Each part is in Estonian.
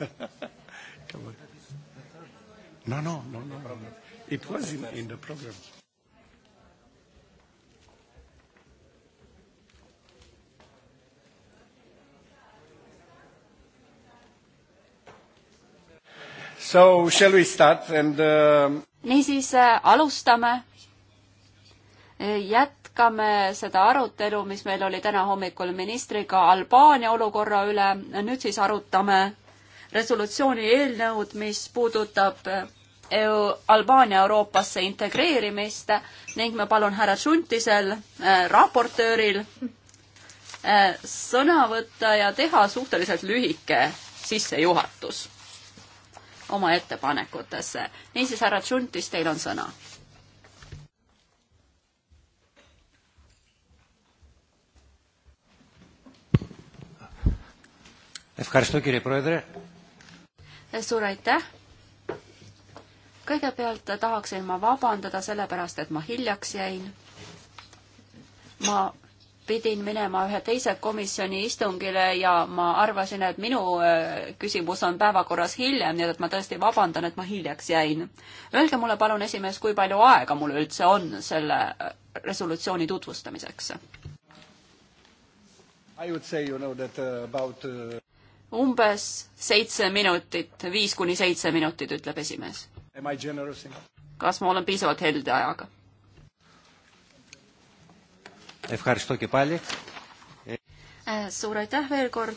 Come on. No, no, no, no, no. It was in, in the program. So shall we start and uh... niisiis äh, alustame. Äh, jätkame seda arutelu, mis meil oli täna hommikul ministriga Albaania olukorra üle. nüüd siis arutame resolutsiooni eelnõud, mis puudutab äh, EU, Albaania Euroopasse integreerimist ning ma palun härra Tšuntisel äh,, raportööril äh,, sõna võtta ja teha suhteliselt lühike sissejuhatus oma ettepanekutesse. niisiis, härra Tšuntis, teil on sõna Ευχαριστώ κύριε Πρόεδρε suur aitäh! kõigepealt tahaksin ma vabandada selle pärast, et ma hiljaks jäin. ma pidin minema ühe teise komisjoni istungile ja ma arvasin, et minu äh, küsimus on päevakorras hiljem, nii et ma tõesti vabandan, et ma hiljaks jäin. Öelge mulle palun, esimees, kui palju aega mul üldse on selle äh, resolutsiooni tutvustamiseks? I would say, you know, that uh, about uh umbes seitse minutit, viis kuni seitse minutit, ütleb esimees. kas ma olen piisavalt helde ajaga? suur aitäh veel kord.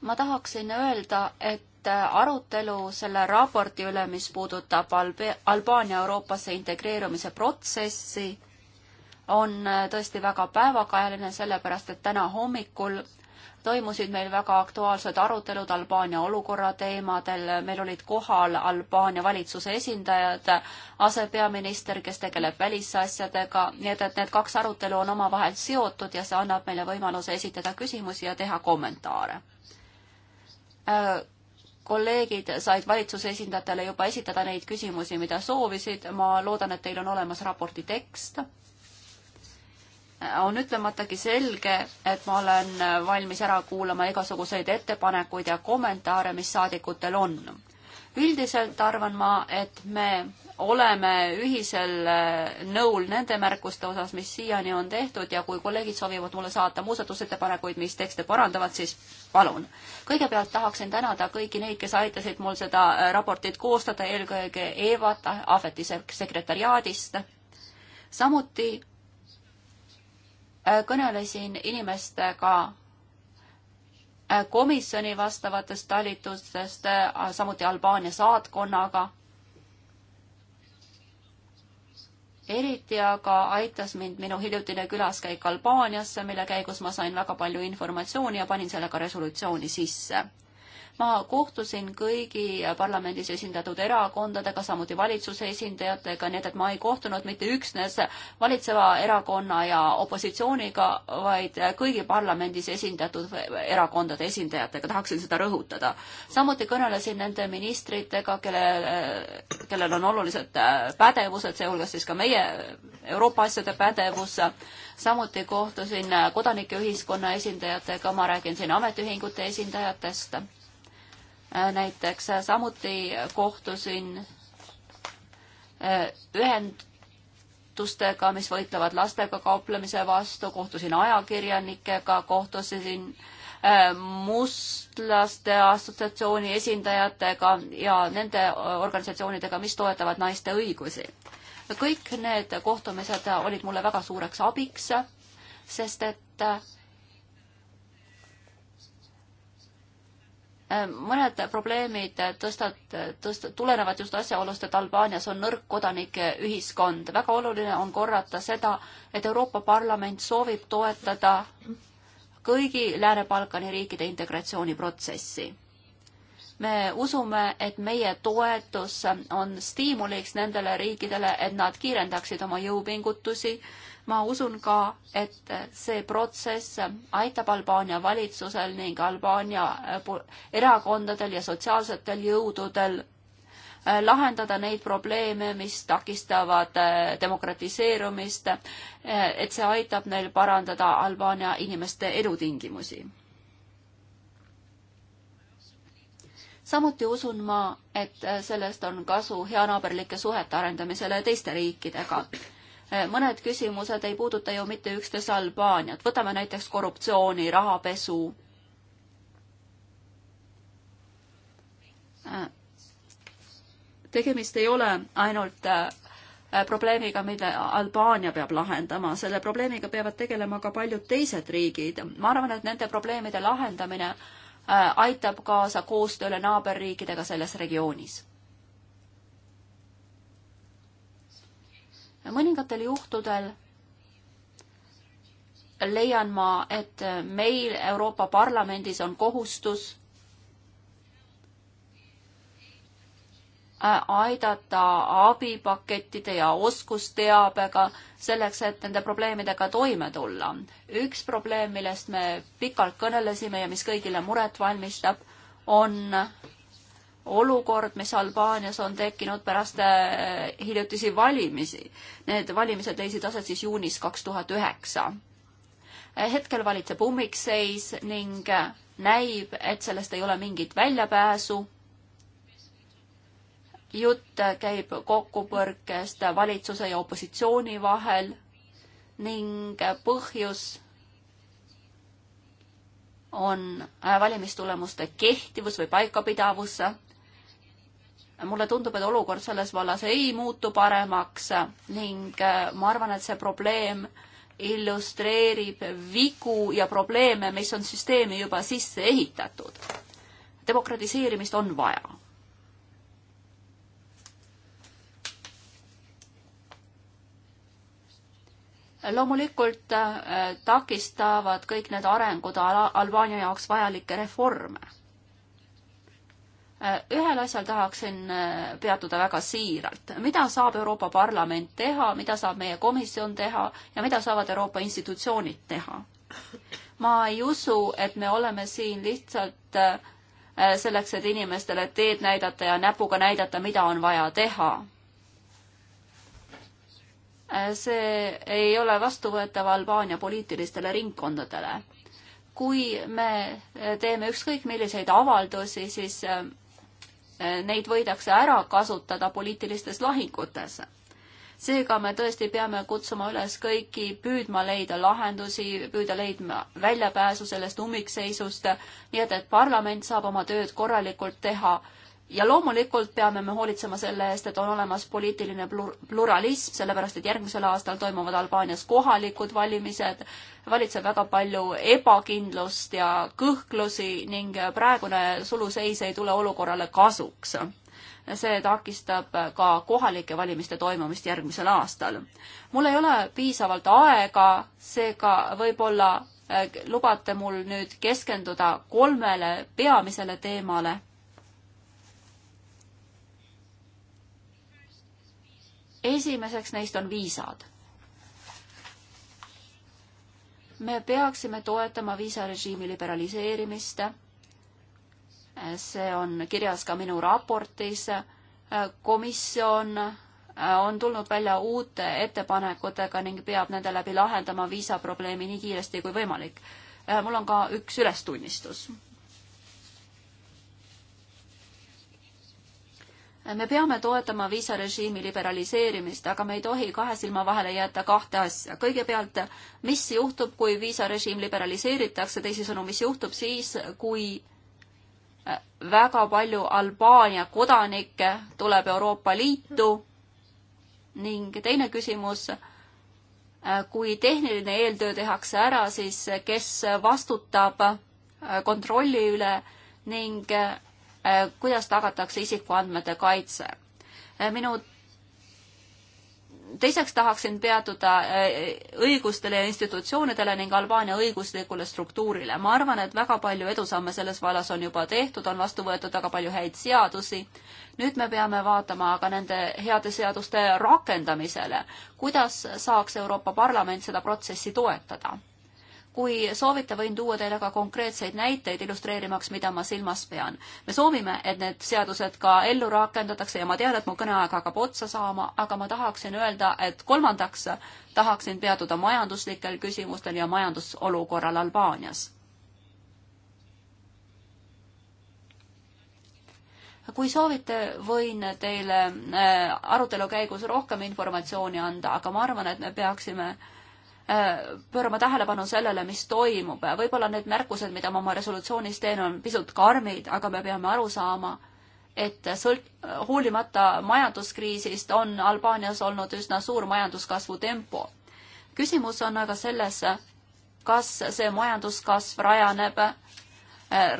ma tahaksin öelda, et arutelu selle raporti üle, mis puudutab Albe Albaania Euroopasse integreerumise protsessi on äh, tõesti väga päevakajaline, sellepärast et täna hommikul toimusid meil väga aktuaalsed arutelud Albaania olukorra teemadel, meil olid kohal Albaania valitsuse esindajad, asepeaminister, kes tegeleb välisasjadega, nii et, et need kaks arutelu on omavahel seotud ja see annab meile võimaluse esitada küsimusi ja teha kommentaare. Äh, kolleegid said valitsuse esindajatele juba esitada neid küsimusi, mida soovisid, ma loodan, et teil on olemas raporti tekst on ütlematagi selge, et ma olen valmis ära kuulama igasuguseid ettepanekuid ja kommentaare, mis saadikutel on. üldiselt arvan ma, et me oleme ühisel äh, nõul nende märkuste osas, mis siiani on tehtud ja kui kolleegid soovivad mulle saata muudatusettepanekuid, mis tekste parandavad, siis palun. kõigepealt tahaksin tänada kõiki neid, kes aitasid mul seda äh, raportit koostada, eelkõige Eevat Ahveti sekretariaadist. samuti Äh, kõnelesin inimestega äh, komisjoni vastavatest talitustest, äh, samuti Albaania saatkonnaga. eriti aga aitas mind minu hiljutine külaskäik Albaaniasse, mille käigus ma sain väga palju informatsiooni ja panin selle ka resolutsiooni sisse ma kohtusin kõigi parlamendis esindatud erakondadega, samuti valitsuse esindajatega, nii et, et ma ei kohtunud mitte üksnes valitseva erakonna ja opositsiooniga, vaid kõigi parlamendis esindatud erakondade esindajatega, tahaksin seda rõhutada. samuti kõnelesin nende ministritega, kelle, kellel on olulised pädevused, sealhulgas siis ka meie Euroopa asjade pädevus, samuti kohtusin kodanikeühiskonna esindajatega, ma räägin siin ametiühingute esindajatest Äh, näiteks äh, samuti kohtusin äh, ühendustega, mis võitlevad lastega kauplemise vastu, kohtusin ajakirjanikega, kohtusin mustlaste assotsiatsiooni esindajatega ja nende organisatsioonidega, mis toetavad naiste õigusi. kõik need kohtumised olid mulle väga suureks abiks, sest et Ehm, mõned probleemid tõstat-, tõst-, tulenevad just asjaolust, et Albaanias on nõrk kodanike ühiskond. väga oluline on korrata seda, et Euroopa Parlament soovib toetada kõigi Lääne-Balkani riikide integratsiooniprotsessi. me usume, et meie toetus on stiimuliks nendele riikidele, et nad kiirendaksid oma jõupingutusi ma usun ka, et see protsess aitab Albaania valitsusel ning Albaania äh, erakondadel ja sotsiaalsetel jõududel äh, lahendada neid probleeme, mis takistavad äh, demokratiseerumist, et see aitab neil parandada Albaania inimeste elutingimusi. samuti usun ma, et sellest on kasu heanaaberlike suhete arendamisele teiste riikidega Äh, mõned küsimused ei puuduta ju mitte üksteise Albaaniat, võtame näiteks korruptsiooni, rahapesu. Äh, tegemist ei ole ainult äh, probleemiga, mille Albaania peab lahendama, selle probleemiga peavad tegelema ka paljud teised riigid. ma arvan, et nende probleemide lahendamine aitab kaasa koostööle naaberriikidega selles regioonis mõningatel juhtudel leian ma, et meil Euroopa Parlamendis on kohustus äh, aidata abipakettide ja oskusteabega selleks, et nende probleemidega toime tulla. üks probleem, millest me pikalt kõnelesime ja mis kõigile muret valmistab, on olukord, mis Albaanias on tekkinud pärast äh, hiljutisi valimisi. Need valimised leidsid aset siis juunis kaks tuhat üheksa. hetkel valitseb ummikseis ning äh, näib, et sellest ei ole mingit väljapääsu. jutt käib kokkupõrkest valitsuse ja opositsiooni vahel ning põhjus on äh, valimistulemuste kehtivus või paikapidavus mulle tundub, et olukord selles vallas ei muutu paremaks ning äh, ma arvan, et see probleem illustreerib vigu ja probleeme, mis on süsteemi juba sisse ehitatud. demokratiseerimist on vaja. loomulikult äh, takistavad kõik need arengud Albaania jaoks vajalikke reforme Äh, ühel asjal tahaksin äh, peatuda väga siiralt. mida saab Euroopa Parlament teha, mida saab meie komisjon teha ja mida saavad Euroopa institutsioonid teha? ma ei usu, et me oleme siin lihtsalt äh, selleks, et inimestele teed näidata ja näpuga näidata, mida on vaja teha. see ei ole vastuvõetav Albaania poliitilistele ringkondadele kui me teeme ükskõik milliseid avaldusi, siis neid võidakse ära kasutada poliitilistes lahingutes. seega me tõesti peame kutsuma üles kõiki püüdma leida lahendusi, püüda leidma väljapääsu sellest ummikseisust, nii et, et parlament saab oma tööd korralikult teha ja loomulikult peame me hoolitsema selle eest, et on olemas poliitiline plur-, pluralism, sellepärast et järgmisel aastal toimuvad Albaanias kohalikud valimised, valitseb väga palju ebakindlust ja kõhklusi ning praegune suluseis ei tule olukorrale kasuks. see takistab ka kohalike valimiste toimumist järgmisel aastal. mul ei ole piisavalt aega, seega võib-olla eh, lubate mul nüüd keskenduda kolmele peamisele teemale esimeseks neist on viisad. me peaksime toetama viisarežiimi liberaliseerimist. see on kirjas ka minu raportis. komisjon on tulnud välja uute ettepanekutega ning peab nende läbi lahendama viisaprobleemi nii kiiresti kui võimalik. mul on ka üks ülestunnistus me peame toetama viisarežiimi liberaliseerimist, aga me ei tohi kahe silma vahele jätta kahte asja. kõigepealt, mis juhtub, kui viisarežiim liberaliseeritakse, teisisõnu, mis juhtub siis, kui äh, väga palju Albaania kodanikke tuleb Euroopa Liitu ning teine küsimus, äh, kui tehniline eeltöö tehakse ära, siis kes vastutab äh, kontrolli üle ning Äh, kuidas tagatakse isikuandmete kaitse. Äh, minu teiseks tahaksin peatuda äh, õigustele ja institutsioonidele ning Albaania õiguslikule struktuurile. ma arvan, et väga palju edusamme selles vallas on juba tehtud, on vastu võetud väga palju häid seadusi. nüüd me peame vaatama aga nende heade seaduste rakendamisele. kuidas saaks Euroopa Parlament seda protsessi toetada? kui soovite, võin tuua teile ka konkreetseid näiteid illustreerimaks, mida ma silmas pean. me soovime, et need seadused ka ellu rakendatakse ja ma tean, et mu kõneaeg hakkab otsa saama, aga ma tahaksin öelda, et kolmandaks tahaksin peatuda majanduslikel küsimustel ja majandusolukorral Albaanias. kui soovite, võin teile äh, arutelu käigus rohkem informatsiooni anda, aga ma arvan, et me peaksime äh, pöörama tähelepanu sellele, mis toimub. võib-olla need märkused, mida ma oma resolutsioonis teen, on pisut karmid, aga me peame aru saama, et sõlt-, hoolimata majanduskriisist on Albaanias olnud üsna suur majanduskasvu tempo. küsimus on aga selles, kas see majanduskasv rajaneb äh,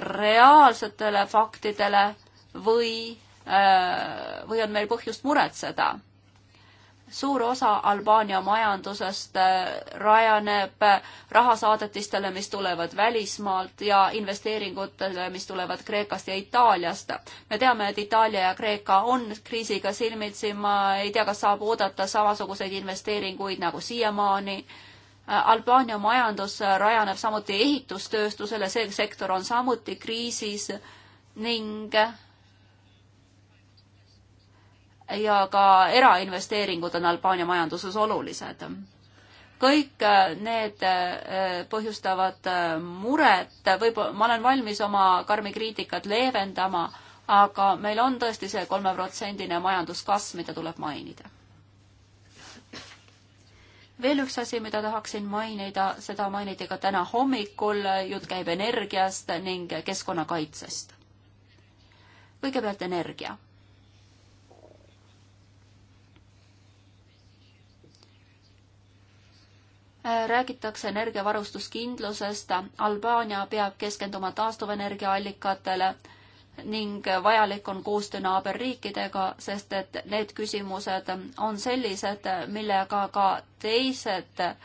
reaalsetele faktidele või, äh, või on meil põhjust muretseda suur osa Albaania majandusest äh, rajaneb äh, rahasaadetistele, mis tulevad välismaalt ja investeeringutele, mis tulevad Kreekast ja Itaaliast. me teame, et Itaalia ja Kreeka on kriisiga silmitsi, ma ei tea, kas saab oodata samasuguseid investeeringuid nagu siiamaani. Äh, Albaania majandus rajaneb samuti ehitustööstusele, see sektor on samuti kriisis ning ja ka erainvesteeringud on Albaania majanduses olulised. kõik äh, need äh, põhjustavad äh, muret, võib-olla ma olen valmis oma karmi kriitikat leevendama, aga meil on tõesti see kolmeprotsendine majanduskasv, mida tuleb mainida. veel üks asi, mida tahaksin mainida, seda mainiti ka täna hommikul, jutt käib energiast ning keskkonnakaitsest. kõigepealt energia räägitakse energiavarustuskindlusest, Albaania peab keskenduma taastuvenergiaallikatele ning vajalik on koostöö naaberriikidega, sest et need küsimused on sellised, millega ka teised äh,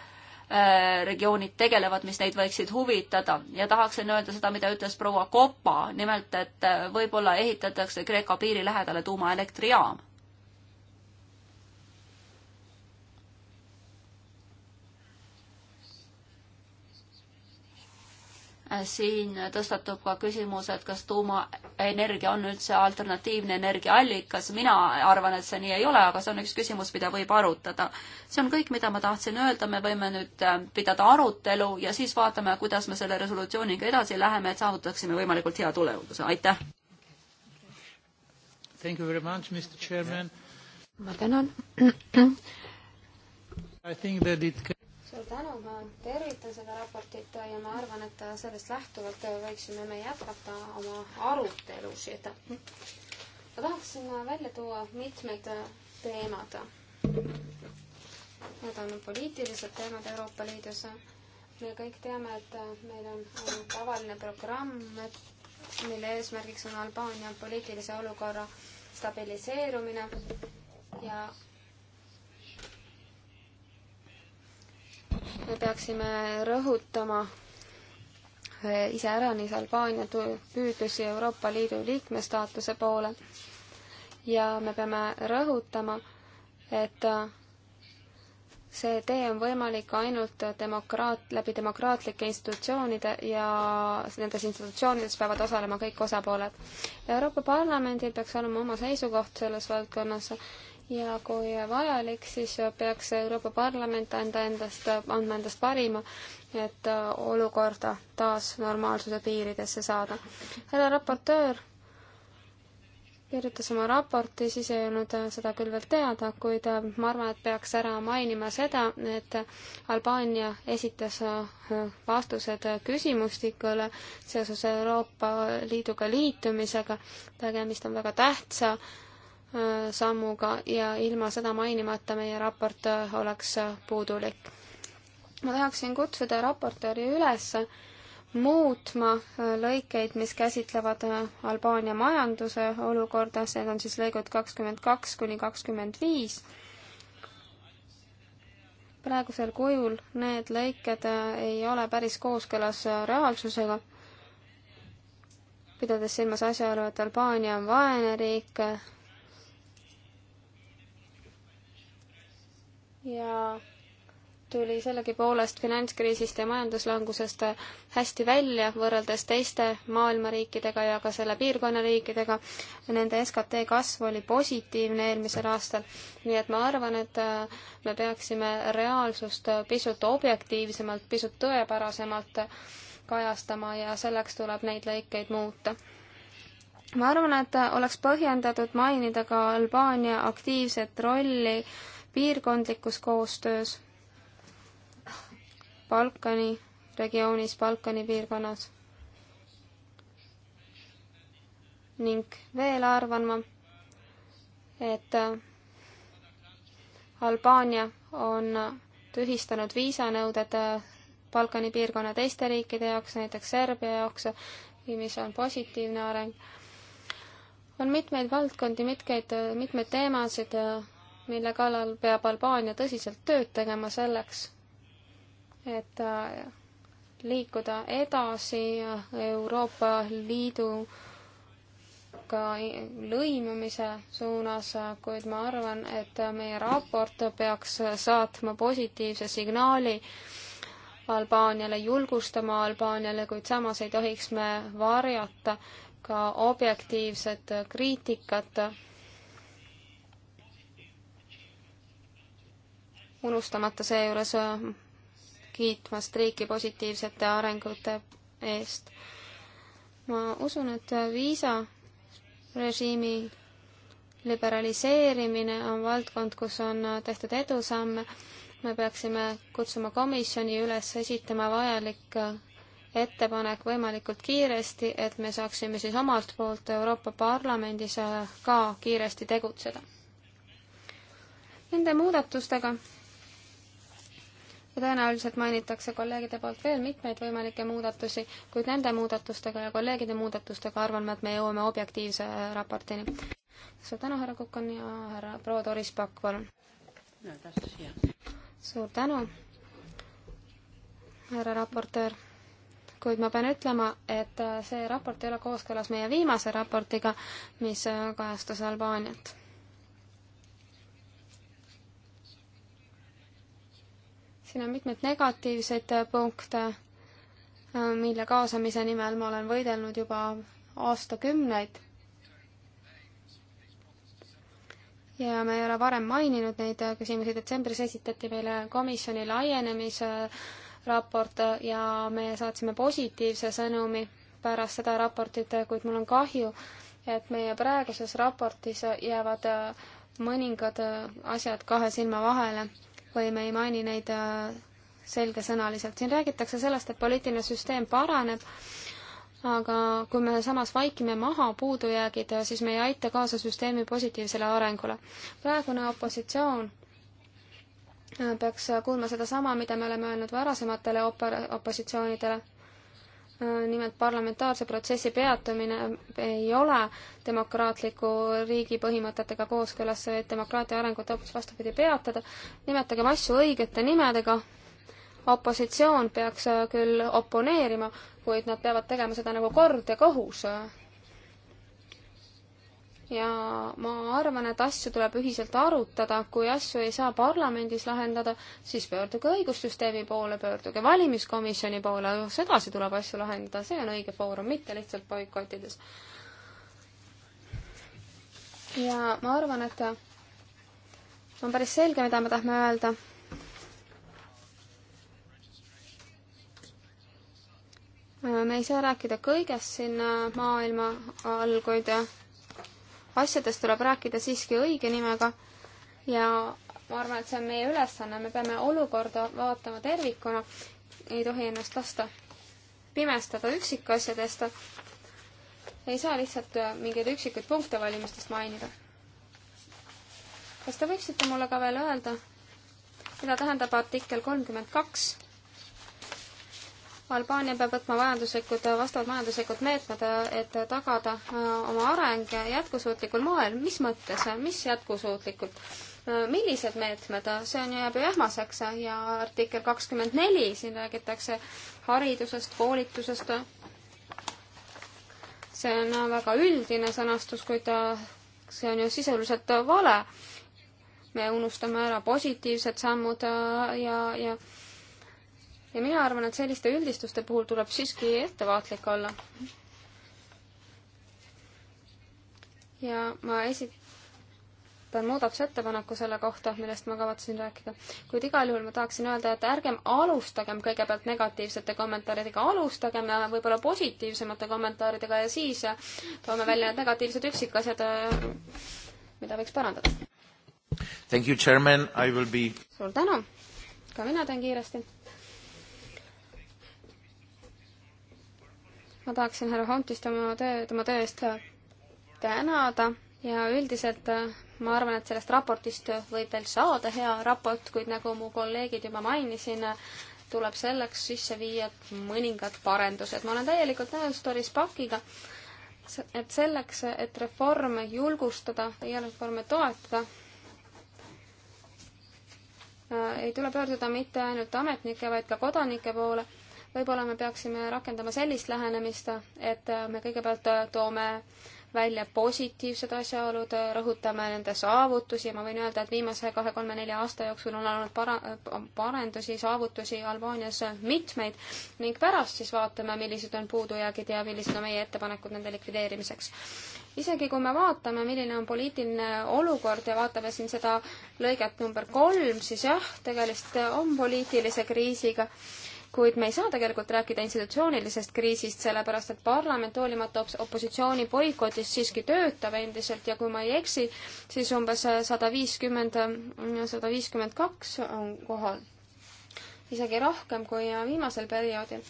regioonid tegelevad, mis neid võiksid huvitada ja tahaksin öelda seda, mida ütles proua Kopa, nimelt et äh, võib-olla ehitatakse Kreeka piiri lähedale tuumaelektrijaam. siin tõstatub ka küsimus, et kas tuumaenergia on üldse alternatiivne energiaallikas. mina arvan, et see nii ei ole, aga see on üks küsimus, mida võib arutada. see on kõik, mida ma tahtsin öelda, me võime nüüd äh, pidada arutelu ja siis vaatame, kuidas me selle resolutsiooniga edasi läheme, et saavutaksime võimalikult hea tulemuse. aitäh! ma tänan. It suur tänu, ma tervitan seda raportit ja ma arvan, et sellest lähtuvalt võiksime me jätkata oma arutelusid. ma tahaksin välja tuua mitmed teemad. Need on poliitilised teemad Euroopa Liidus. me kõik teame, et meil on tavaline programm, mille eesmärgiks on Albaania poliitilise olukorra stabiliseerumine ja me peaksime rõhutama eh, iseäranis Albaania püüdlusi Euroopa Liidu liikmestaatuse poole ja me peame rõhutama, et eh, see tee on võimalik ainult demokraat, läbi demokraatlike institutsioonide ja nendes institutsioonides peavad osalema kõik osapooled. Euroopa Parlamendil peaks olema oma seisukoht selles valdkonnas ja kui vajalik, siis peaks Euroopa Parlament anda endast, andma endast parima, et olukorda taas normaalsuse piiridesse saada. härra raportöör kirjutas oma raporti, siis ei olnud seda küll veel teada, kuid ma arvan, et peaks ära mainima seda, et Albaania esitas vastused küsimustikule seoses Euroopa Liiduga liitumisega. tegemist on väga tähtsa äh, sammuga ja ilma seda mainimata meie raport äh, oleks äh, puudulik. ma tahaksin kutsuda raportööri üles muutma äh, lõikeid, mis käsitlevad Albaania majanduse olukorda, need on siis lõigud kakskümmend kaks kuni kakskümmend viis. praegusel kujul need lõiked ei ole päris kooskõlas reaalsusega, pidades silmas asjaolu, et Albaania on vaene riik, ja tuli sellegipoolest finantskriisist ja majanduslangusest hästi välja võrreldes teiste maailma riikidega ja ka selle piirkonna riikidega. Nende SKT kasv oli positiivne eelmisel aastal, nii et ma arvan, et äh, me peaksime reaalsust pisut objektiivsemalt, pisut tõepärasemalt kajastama ja selleks tuleb neid lõikeid muuta ma arvan, et oleks põhjendatud mainida ka Albaania aktiivset rolli äh, piirkondlikus koostöös Balkani regioonis, Balkani piirkonnas. ning veel arvan ma, et Albaania on tühistanud viisanõuded Balkani piirkonna teiste riikide jaoks, näiteks Serbia jaoks, mis on positiivne areng. on mitmeid valdkondi, mitmeid, mitmeid teemasid, mille kallal peab Albaania tõsiselt tööd tegema selleks, et äh, liikuda edasi Euroopa Liiduga lõimumise suunas, kuid ma arvan, et meie raport peaks saatma positiivse signaali Albaaniale, julgustama Albaaniale, kuid samas ei tohiks me varjata ka objektiivset kriitikat unustamata seejuures äh, kiitmast riiki positiivsete arengute eest. ma usun, et viisarežiimi liberaliseerimine on valdkond, kus on tehtud edusamme. me peaksime kutsuma komisjoni üles esitama vajalik äh, ettepanek võimalikult kiiresti, et me saaksime siis omalt poolt Euroopa Parlamendis äh, ka kiiresti tegutseda. Nende muudatustega ja tõenäoliselt mainitakse kolleegide poolt veel mitmeid võimalikke muudatusi, kuid nende muudatustega ja kolleegide muudatustega arvan ma, et me jõuame objektiivse raportini. suur tänu, härra Kukan ja härra proua Doris Pakk, palun no,. suur tänu, härra raportöör kuid ma pean ütlema, et see raport ei ole kooskõlas meie viimase raportiga, mis kajastas Albaaniat siin on mitmeid negatiivseid punkte, mille kaasamise nimel ma olen võidelnud juba aastakümneid. ja me ei ole varem maininud neid küsimusi, detsembris esitati meile komisjoni laienemise raport ja me saatsime positiivse sõnumi pärast seda raportit, kuid mul on kahju, et meie praeguses raportis jäävad mõningad asjad kahe silma vahele või me ei maini neid äh, selgesõnaliselt. siin räägitakse sellest, et poliitiline süsteem paraneb, aga kui me samas vaikime maha puudujäägid, äh, siis me ei aita kaasa süsteemi positiivsele arengule. praegune opositsioon äh, peaks kuulma sedasama, mida me oleme öelnud varasematele opa-, opositsioonidele Äh, nimelt parlamentaarse protsessi peatumine ei ole demokraatliku riigi põhimõtetega kooskõlas, vaid demokraatia arengut hoopis vastupidi peatada. nimetagem asju õigete nimedega. opositsioon peaks äh, küll oponeerima, kuid nad peavad tegema seda nagu kord ja kohus ja ma arvan, et asju tuleb ühiselt arutada, kui asju ei saa parlamendis lahendada, siis pöörduge õigussüsteemi poole, pöörduge valimiskomisjoni poole, noh, sedasi tuleb asju lahendada, see on õige foorum, mitte lihtsalt boikottides. ja ma arvan, et on päris selge, mida me tahame öelda. me ei saa rääkida kõigest sinna maailma all, kuid asjadest tuleb rääkida siiski õige nimega ja ma arvan, et see on meie ülesanne, me peame olukorda vaatama tervikuna, ei tohi ennast lasta pimestada üksikasjadest, ei saa lihtsalt äh, mingeid üksikuid punkte valimistest mainida. kas te võiksite mulle ka veel öelda, mida tähendab artikkel kolmkümmend kaks? Albaania peab võtma majanduslikud, vastavad majanduslikud meetmed, et tagada äh, oma areng jätkusuutlikul moel. mis mõttes, mis jätkusuutlikult? Äh, millised meetmed, see on, jääb ju ähmaseks ja artikkel kakskümmend neli, siin räägitakse haridusest, koolitusest. see on äh, väga üldine sõnastus, kuid see on ju sisuliselt vale. me unustame ära positiivsed sammud ja, ja ja mina arvan, et selliste üldistuste puhul tuleb siiski ettevaatlik olla. ja ma esi-, esitan muudatusettepaneku selle kohta, millest ma kavatsesin rääkida. kuid igal juhul ma tahaksin öelda, et ärgem alustagem kõigepealt negatiivsete kommentaaridega, alustagem võib-olla positiivsemate kommentaaridega ja siis toome välja need negatiivsed üksikasjad, mida võiks parandada. Thank you, chairman, I will be suur tänu, ka mina teen kiiresti ma tahaksin härra Hontist oma töö, tema töö eest tänada ja üldiselt äh, ma arvan, et sellest raportist võib veel saada hea raport, kuid nagu mu kolleegid juba mainisin, tuleb selleks sisse viia mõningad parendused. ma olen täielikult nõus Doris Pakiga, et selleks, et reforme julgustada ja reforme toetada, äh, ei tule pöörduda mitte ainult ametnike, vaid ka kodanike poole võib-olla me peaksime rakendama sellist lähenemist, et me kõigepealt toome välja positiivsed asjaolud, rõhutame nende saavutusi, ma võin öelda, et viimase kahe-kolme-nelja aasta jooksul on olnud para-, parendusi, saavutusi Albaanias mitmeid ning pärast siis vaatame, millised on puudujäägid ja millised on meie ettepanekud nende likvideerimiseks. isegi kui me vaatame, milline on poliitiline olukord ja vaatame siin seda lõiget number kolm, siis jah, tegemist on poliitilise kriisiga kuid me ei saa tegelikult rääkida institutsioonilisest kriisist, sellepärast et parlament hoolimata opositsiooni boikotist siiski töötab endiselt ja kui ma ei eksi, siis umbes sada viiskümmend, sada viiskümmend kaks on kohal. isegi rohkem kui viimasel perioodil.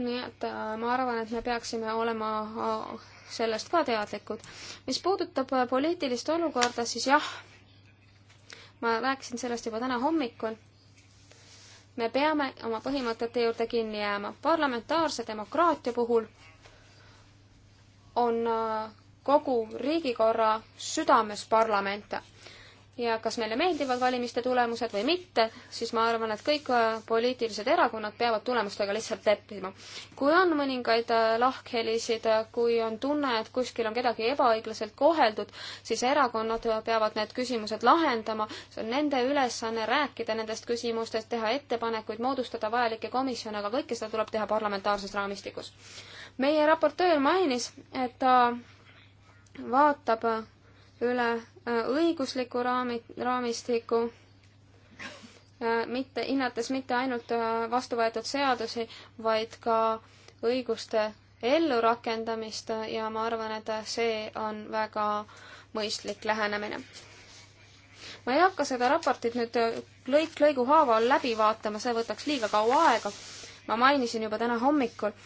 nii et äh, ma arvan, et me peaksime olema äh, sellest ka teadlikud. mis puudutab äh, poliitilist olukorda, siis jah, ma rääkisin sellest juba täna hommikul me peame oma põhimõtete juurde kinni jääma. parlamentaarse demokraatia puhul on äh, kogu riigikorra südames parlament ja kas meile meeldivad valimiste tulemused või mitte, siis ma arvan, et kõik äh, poliitilised erakonnad peavad tulemustega lihtsalt leppima. kui on mõningaid äh, lahkhelisid, äh, kui on tunne, et kuskil on kedagi ebaõiglaselt koheldud, siis erakonnad peavad need küsimused lahendama, see on nende ülesanne rääkida nendest küsimustest, teha ettepanekuid, moodustada vajalikke komisjone, aga kõike seda tuleb teha parlamentaarses raamistikus. meie raportöör mainis, et ta vaatab üle äh, õigusliku raami, raamistiku, äh, mitte, hinnates mitte ainult äh, vastu võetud seadusi, vaid ka õiguste ellurakendamist ja ma arvan, et see on väga mõistlik lähenemine. ma ei hakka seda raportit nüüd lõik lõigu haaval läbi vaatama, see võtaks liiga kaua aega. ma mainisin juba täna hommikul,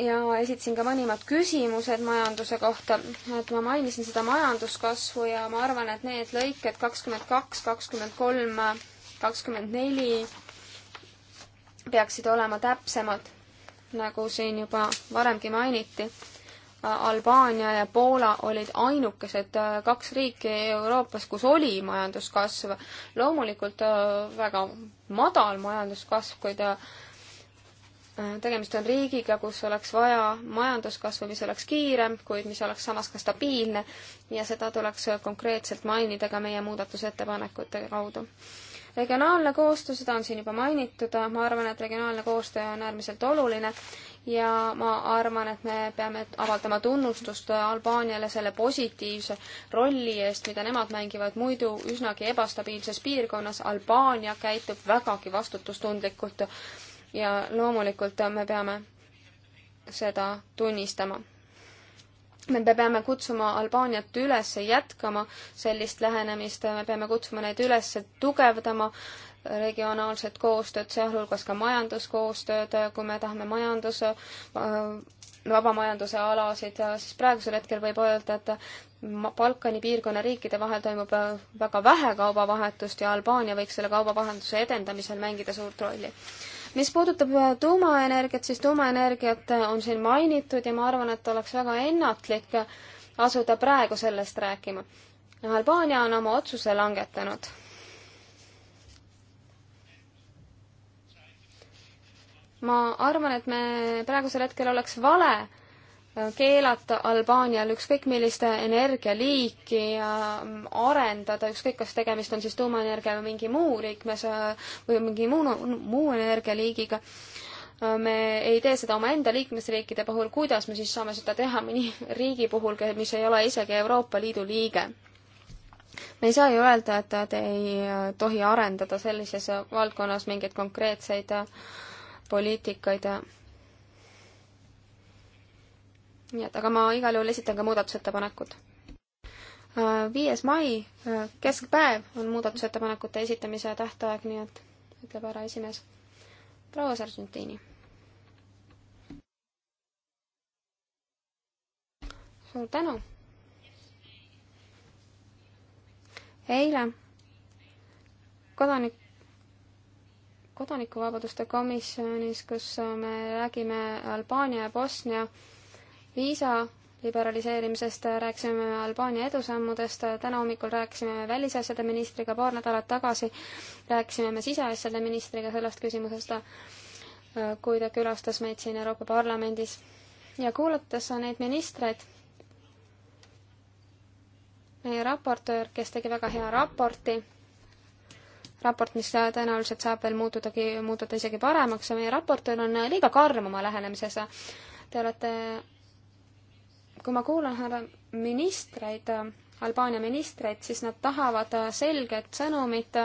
ja esitasin ka mõnimad küsimused majanduse kohta, et ma mainisin seda majanduskasvu ja ma arvan, et need lõiked kakskümmend kaks, kakskümmend kolm, kakskümmend neli peaksid olema täpsemad, nagu siin juba varemgi mainiti. Albaania ja Poola olid ainukesed äh, kaks riiki Euroopas, kus oli majanduskasv. loomulikult äh, väga madal majanduskasv, kuid äh, Äh, tegemist on riigiga, kus oleks vaja majanduskasvu, mis oleks kiirem, kuid mis oleks samas ka stabiilne ja seda tuleks konkreetselt mainida ka meie muudatusettepanekute kaudu. regionaalne koostöö, seda on siin juba mainitud, ma arvan, et regionaalne koostöö on äärmiselt oluline ja ma arvan, et me peame avaldama tunnustust Albaaniale selle positiivse rolli eest, mida nemad mängivad muidu üsnagi ebastabiilses piirkonnas. Albaania käitub vägagi vastutustundlikult ja loomulikult me peame seda tunnistama. me peame kutsuma Albaaniat üles jätkama sellist lähenemist, me peame kutsuma neid üles tugevdama regionaalset koostööd, sealhulgas ka majanduskoostööd, kui me tahame majandus, vaba majanduse alasid, siis praegusel hetkel võib öelda, et Balkani piirkonna riikide vahel toimub väga vähe kaubavahetust ja Albaania võiks selle kaubavahetuse edendamisel mängida suurt rolli mis puudutab äh, tuumaenergiat, siis tuumaenergiat äh, on siin mainitud ja ma arvan, et oleks väga ennatlik äh, asuda praegu sellest rääkima. Albaania on oma otsuse langetanud. ma arvan, et me praegusel hetkel oleks vale keelata Albaanial ükskõik milliste energialiiki ja mm, arendada, ükskõik kas tegemist on siis tuumaenergia või mingi muu liikmes äh, või mingi muu, muu energialiigiga, äh, me ei tee seda omaenda liikmesriikide puhul, kuidas me siis saame seda teha mõni riigi puhul, mis ei ole isegi Euroopa Liidu liige? me ei saa ju öelda, et te ei äh, tohi arendada sellises valdkonnas mingeid konkreetseid poliitikaid ja nii et, aga ma igal juhul esitan ka muudatusettepanekud. Äh, viies mai, äh, keskpäev on muudatusettepanekute esitamise tähtaeg, nii et ütleb härra esimees. proua Sargentini. suur tänu. eile kodanik, kodanikuvabaduste komisjonis, kus me räägime Albaania ja Bosnia viisa liberaliseerimisest, rääkisime Albaania edusammudest, täna hommikul rääkisime välisasjade ministriga, paar nädalat tagasi rääkisime me siseasjade ministriga sellest küsimusest, kui ta külastas meid siin Euroopa Parlamendis. ja kuulates neid ministreid, meie raportöör, kes tegi väga hea raporti, raport, mis tõenäoliselt saab veel muutudagi, muutuda isegi paremaks ja meie raportöör on liiga karm oma lähenemises. Te olete kui ma kuulan härra ministreid, Albaania ministreid, siis nad tahavad selget sõnumit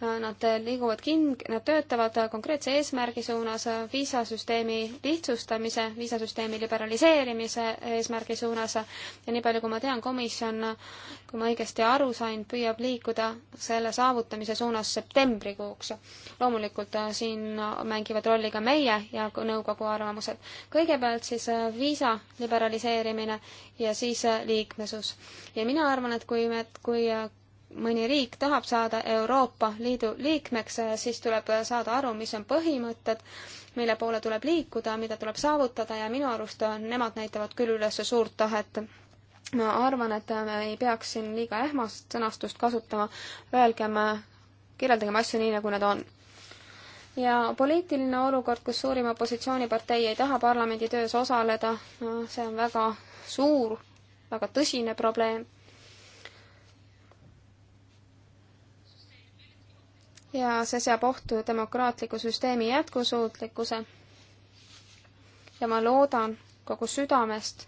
Nad liiguvad kin-, nad töötavad konkreetse eesmärgi suunas, viisasüsteemi lihtsustamise, viisasüsteemi liberaliseerimise eesmärgi suunas ja nii palju, kui ma tean, komisjon, kui ma õigesti aru sain, püüab liikuda selle saavutamise suunas septembrikuuks. loomulikult äh, siin mängivad rolli ka meie ja nõukogu arvamused. kõigepealt siis äh, viisa liberaliseerimine ja siis äh, liikmesus. ja mina arvan, et kui me, kui mõni riik tahab saada Euroopa Liidu liikmeks, siis tuleb saada aru, mis on põhimõtted, mille poole tuleb liikuda, mida tuleb saavutada ja minu arust on, nemad näitavad küll üles suurt tahet. ma arvan, et me ei peaks siin liiga ähmast sõnastust kasutama, öelgem, kirjeldagem asju nii, nagu nad on ja poliitiline olukord, kus suurim opositsioonipartei ei taha parlamendi töös osaleda, see on väga suur, väga tõsine probleem ja see seab ohtu demokraatliku süsteemi jätkusuutlikkuse. ja ma loodan kogu südamest,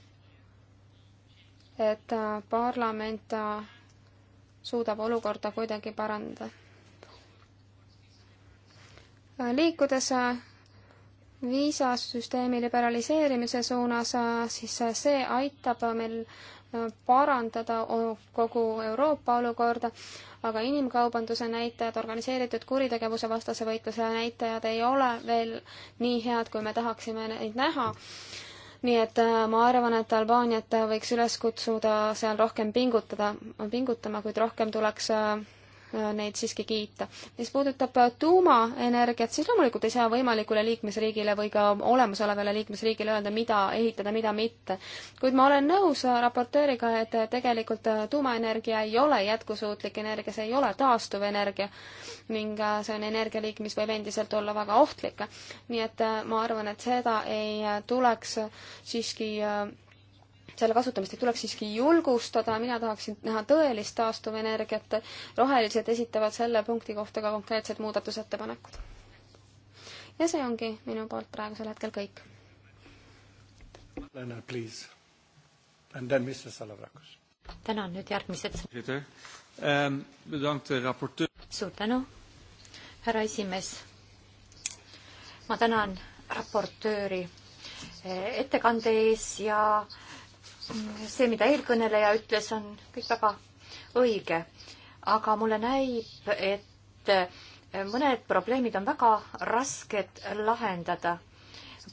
et parlament suudab olukorda kuidagi parandada. liikudes viisasüsteemi liberaliseerimise suunas, siis see aitab meil parandada kogu Euroopa olukorda, aga inimkaubanduse näitajad, organiseeritud kuritegevuse vastase võitluse näitajad ei ole veel nii head, kui me tahaksime neid näha. nii et äh, ma arvan, et Albaaniat võiks üles kutsuda seal rohkem pingutada, pingutama, kuid rohkem tuleks äh, neid siiski kiita. mis puudutab äh, tuumaenergiat, siis loomulikult ei saa võimalikule liikmesriigile või ka olemasolevale liikmesriigile öelda, mida ehitada, mida mitte. kuid ma olen nõus äh, raportööriga, et äh, tegelikult tuumaenergia ei ole jätkusuutlik energia, see ei ole taastuvenergia ning see on energialiik, mis võib endiselt olla väga ohtlik. nii et ma arvan, et seda ei tuleks siiski selle kasutamist ei tuleks siiski julgustada, mina tahaksin näha tõelist taastuvenergiat. rohelised esitavad selle punkti kohta ka konkreetsed muudatusettepanekud. ja see ongi minu poolt praegusel hetkel kõik. Lennart, please. And then Mr Salavrakos. tänan, nüüd järgmised. Ehm, eh, suur tänu, härra esimees. ma tänan raportööri eh, ettekande ees ja äh, see, mida eelkõneleja ütles, on kõik väga õige, aga mulle näib, et mõned probleemid on väga rasked lahendada.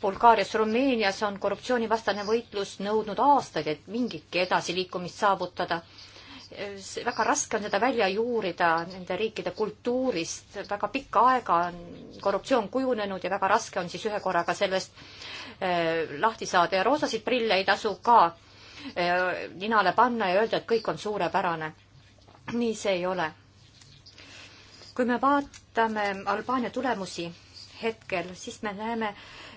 Bulgaarias, Rumeenias on korruptsioonivastane võitlus nõudnud aastaid, et mingitki edasiliikumist saavutada. väga raske on seda välja juurida nende riikide kultuurist, väga pikka aega on korruptsioon kujunenud ja väga raske on siis ühe korraga sellest eh, lahti saada ja roosasid prille ei tasu ka Äh, ninale panna ja öelda, et kõik on suurepärane. nii see ei ole. kui me vaatame Albaania tulemusi hetkel, siis me näeme,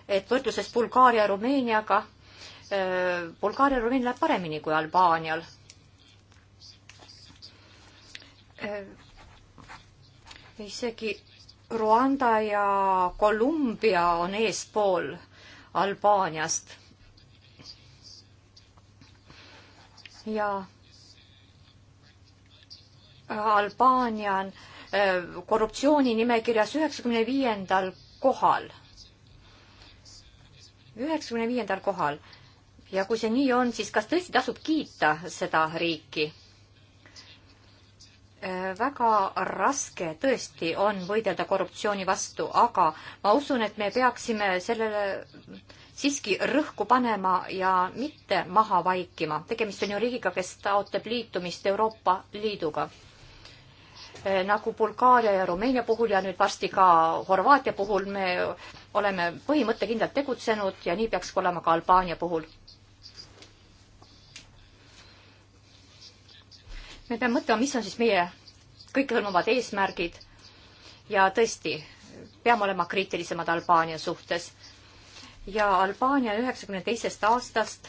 et võrdluses Bulgaaria ja Rumeeniaga, äh, Bulgaaria ja Rumeenia läheb paremini kui Albaanial äh, isegi Rwanda ja Kolumbia on eespool Albaaniast ja äh, Albaania on äh, korruptsiooninimekirjas üheksakümne viiendal kohal. üheksakümne viiendal kohal. ja kui see nii on, siis kas tõesti tasub kiita seda riiki? Äh, väga raske tõesti on võidelda korruptsiooni vastu, aga ma usun, et me peaksime sellele siiski rõhku panema ja mitte maha vaikima. tegemist on ju riigiga, kes taotleb liitumist Euroopa Liiduga. Äh, nagu Bulgaaria ja Rumeenia puhul ja nüüd varsti ka Horvaatia puhul me oleme põhimõttekindlalt tegutsenud ja nii peaks olema ka Albaania puhul. me peame mõtlema, mis on siis meie kõikehõlmavad eesmärgid ja tõesti, peame olema kriitilisemad Albaania suhtes ja Albaania üheksakümne teisest aastast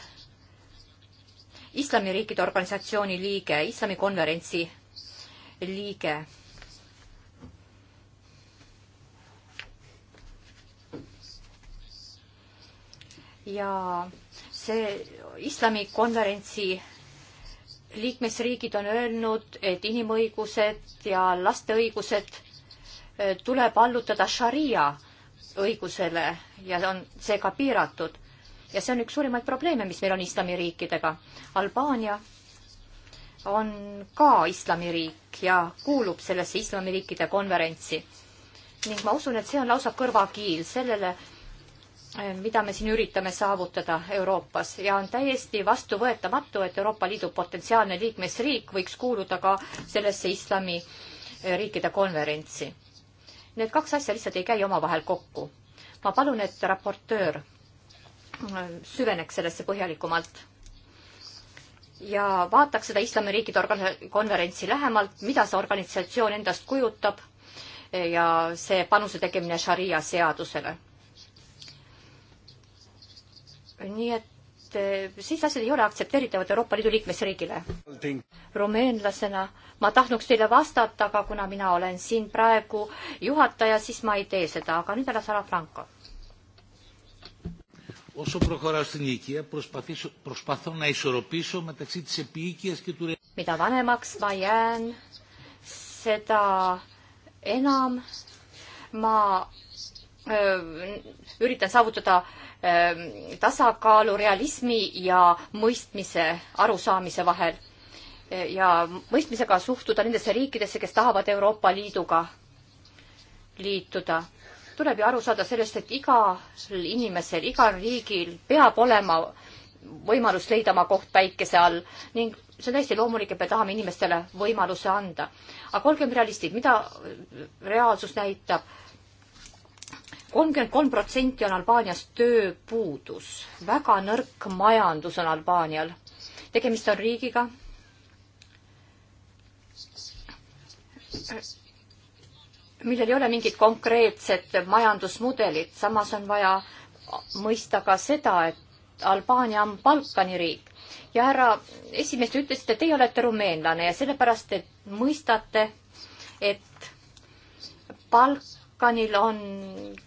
islamiriikide organisatsiooni liige, islamikonverentsi liige. ja see islamikonverentsi liikmesriigid on öelnud, et inimõigused ja laste õigused eh, tuleb allutada šaria õigusele ja on seega piiratud. ja see on üks suurimaid probleeme, mis meil on islamiriikidega. Albaania on ka islamiriik ja kuulub sellesse islamiriikide konverentsi. ning ma usun, et see on lausa kõrvakiil sellele, eh, mida me siin üritame saavutada Euroopas ja on täiesti vastuvõetamatu, et Euroopa Liidu potentsiaalne liikmesriik võiks kuuluda ka sellesse islamiriikide eh, konverentsi Need kaks asja lihtsalt ei käi omavahel kokku. ma palun, et raportöör süveneks sellesse põhjalikumalt ja vaataks seda Islamiriikide konverentsi lähemalt, mida see organisatsioon endast kujutab ja see panuse tegemine šaria seadusele. nii et Eh, sellised asjad ei ole aktsepteeritavad Euroopa Liidu liikmesriigile. rumeenlasena ma tahtnuks teile vastata, aga kuna mina olen siin praegu juhataja, siis ma ei tee seda, aga nüüd härra Salafranco. mida vanemaks ma jään, seda enam ma öö, üritan saavutada öö, Ähm, tasakaalu realismi ja mõistmise, arusaamise vahel. Äh, ja mõistmisega suhtuda nendesse riikidesse, kes tahavad Euroopa Liiduga liituda. tuleb ju aru saada sellest, et igal inimesel, igal riigil peab olema võimalus leida oma koht päikese all ning see on täiesti loomulik, et me tahame inimestele võimaluse anda. aga olgem realistid, mida reaalsus näitab? kolmkümmend kolm protsenti on Albaanias tööpuudus, väga nõrk majandus on Albaanial. tegemist on riigiga, millel ei ole mingit konkreetset majandusmudelit, samas on vaja mõista ka seda, et Albaania on Balkani riik. ja härra esimees, te ütlesite, teie olete rumeenlane ja sellepärast te mõistate, et palk Balkanil on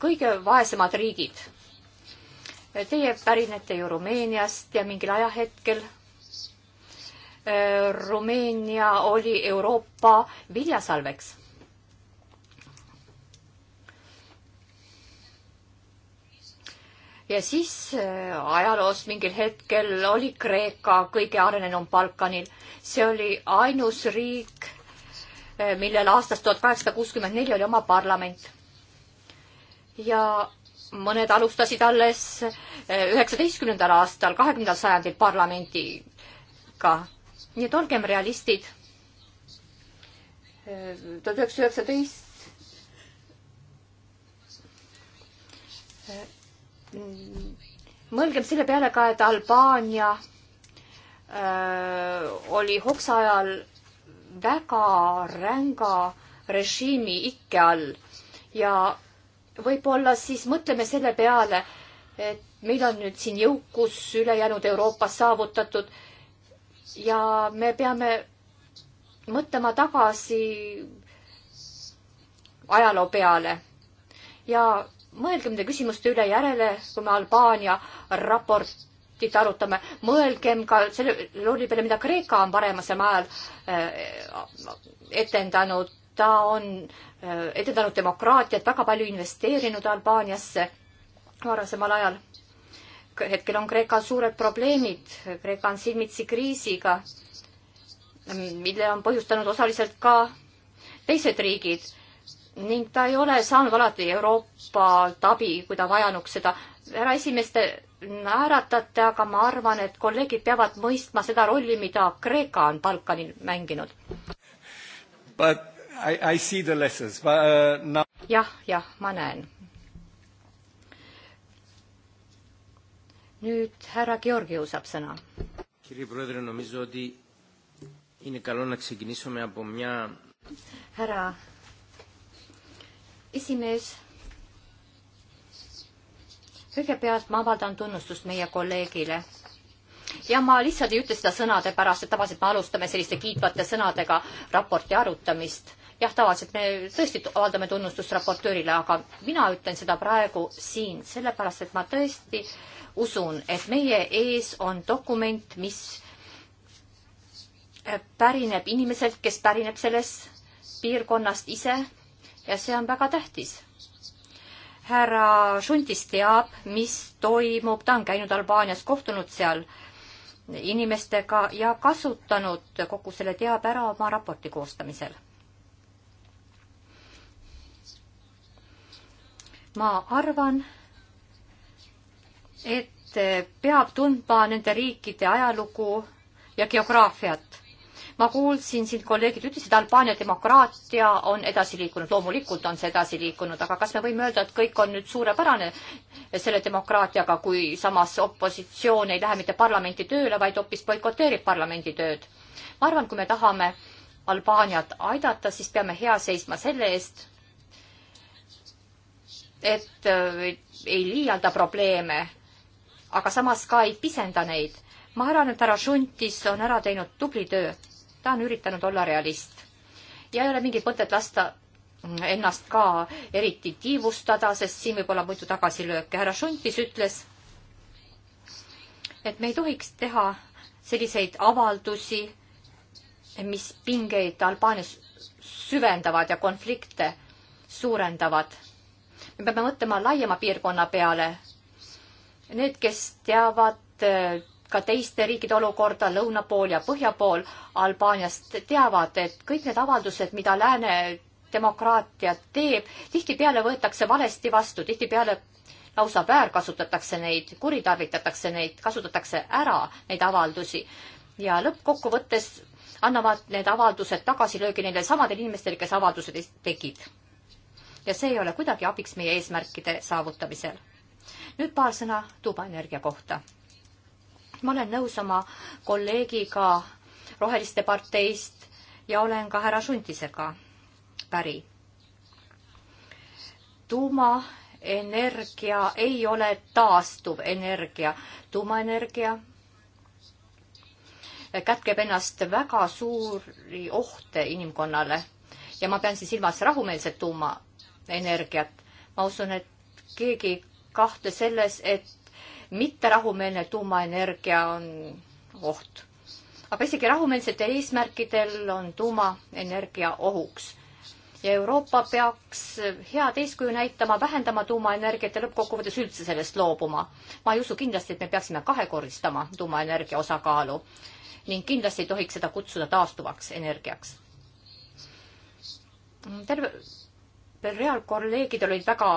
kõige vaesemad riigid. Teie pärinete ju Rumeeniast ja mingil ajahetkel äh, Rumeenia oli Euroopa viljasalveks ja siis äh, ajaloos mingil hetkel oli Kreeka kõige arenenum Balkanil. see oli ainus riik, äh, millel aastast tuhat kaheksasada kuuskümmend neli oli oma parlament ja mõned alustasid alles eh, üheksateistkümnendal aastal, kahekümnendal sajandil parlamendiga. nii et olgem realistid. Eh, tuhat üheksasada üheksateist mõelgem selle peale ka, et Albaania öö, eh, oli Hoksa ajal väga ränga režiimi ikke all ja võib-olla siis mõtleme selle peale, et meil on nüüd siin jõukus ülejäänud Euroopas saavutatud ja me peame mõtlema tagasi ajaloo peale ja mõelgem nende küsimuste üle järele, kui me Albaania raportit arutame, mõelgem ka selle looli peale, mida Kreeka on paremasel ajal eh, etendanud ta on äh, edendanud demokraatiat, väga palju investeerinud Albaaniasse varasemal ajal. hetkel on Kreekal suured probleemid, Kreeka on silmitsi kriisiga, mille on põhjustanud osaliselt ka teised riigid ning ta ei ole saanud alati Euroopalt abi, kui ta vajanuks seda. härra esimees, te naeratate, aga ma arvan, et kolleegid peavad mõistma seda rolli, mida Kreeka on Balkanil mänginud. But I, I see the lessons, but uh, now... jah, jah, ma näen. nüüd härra Georgiou saab sõna. härra esimees, kõigepealt ma avaldan tunnustust meie kolleegile ja ma lihtsalt ei ütle seda sõnade pärast, et tavaliselt me alustame selliste kiitvate sõnadega raporti arutamist jah, tavaliselt me tõesti avaldame tunnustust raportöörile, aga mina ütlen seda praegu siin, sellepärast et ma tõesti usun, et meie ees on dokument, mis pärineb inimeselt, kes pärineb sellest piirkonnast ise ja see on väga tähtis. härra Šuntis teab, mis toimub, ta on käinud Albaanias, kohtunud seal inimestega ja kasutanud kogu selle teabe ära oma raporti koostamisel ma arvan, et peab tundma nende riikide ajalugu ja geograafiat. ma kuulsin siin, kolleegid ütlesid, Albaania demokraatia on edasi liikunud, loomulikult on see edasi liikunud, aga kas me võime öelda, et kõik on nüüd suurepärane selle demokraatiaga, kui samas opositsioon ei lähe mitte parlamenti tööle, vaid hoopis boikoteerib parlamendi tööd? ma arvan, kui me tahame Albaaniat aidata, siis peame hea seisma selle eest, et äh, ei liialda probleeme, aga samas ka ei pisenda neid. ma arvan, et härra Šuntis on ära teinud tubli töö. ta on üritanud olla realist ja ei ole mingit mõtet lasta ennast ka eriti tiivustada, sest siin võib olla muidu tagasilööke. härra Šuntis ütles, et me ei tohiks teha selliseid avaldusi, mis pingeid Albaanias süvendavad ja konflikte suurendavad me peame mõtlema laiema piirkonna peale. Need, kes teavad äh, ka teiste riikide olukorda lõuna pool ja põhja pool Albaaniast, teavad, et kõik need avaldused, mida lääne demokraatia teeb, tihtipeale võetakse valesti vastu, tihtipeale lausa väärkasutatakse neid, kuritarvitatakse neid, kasutatakse ära neid avaldusi ja lõppkokkuvõttes annavad need avaldused tagasilöögi neile samadele inimestele, kes avaldused tegid ja see ei ole kuidagi abiks meie eesmärkide saavutamisel. nüüd paar sõna tuumaenergia kohta. ma olen nõus oma kolleegiga Roheliste parteist ja olen ka härra Šuntisega päri. tuumaenergia ei ole taastuv energia, tuumaenergia kätkeb ennast väga suuri ohte inimkonnale ja ma pean siin silmas rahumeelset tuuma energiat. ma usun, et keegi ei kahtle selles, et mitterahumeelne tuumaenergia on oht. aga isegi rahumeelsetel eesmärkidel on tuumaenergia ohuks. ja Euroopa peaks head eeskuju näitama, vähendama tuumaenergiat ja lõppkokkuvõttes üldse sellest loobuma. ma ei usu kindlasti, et me peaksime kahekordistama tuumaenergia osakaalu ning kindlasti ei tohiks seda kutsuda taastuvaks energiaks. terve real kolleegid olid väga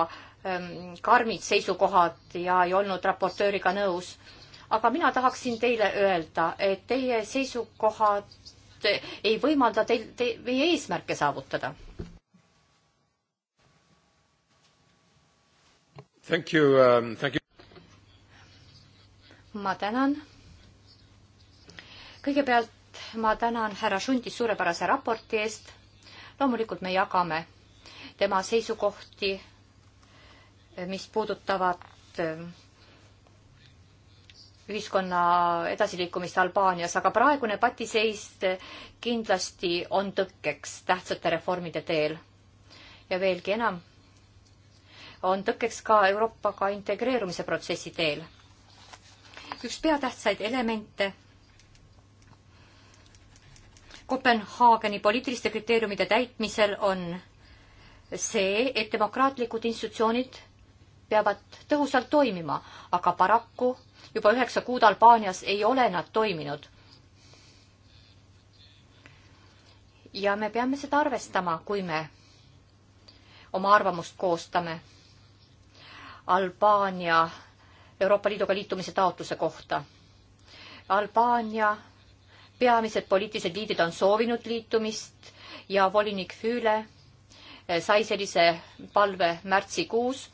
ähm, karmid seisukohad ja ei olnud raportööriga nõus. aga mina tahaksin teile öelda, et teie seisukohad ei võimalda teil te, meie eesmärke saavutada. Thank you um,, thank you. ma tänan. kõigepealt ma tänan härra Šundis suurepärase raporti eest. loomulikult me jagame tema seisukohti, mis puudutavad ähm, ühiskonna edasiliikumist Albaanias, aga praegune patiseis äh, kindlasti on tõkkeks tähtsate reformide teel. ja veelgi enam, on tõkkeks ka Euroopaga integreerumise protsessi teel. üks peatähtsaid elemente Kopenhaageni poliitiliste kriteeriumide täitmisel on see, et demokraatlikud institutsioonid peavad tõhusalt toimima, aga paraku juba üheksa kuud Albaanias ei ole nad toiminud. ja me peame seda arvestama, kui me oma arvamust koostame Albaania Euroopa Liiduga liitumise taotluse kohta. Albaania peamised poliitilised liidrid on soovinud liitumist ja volinik Füüle sai sellise palve märtsikuus.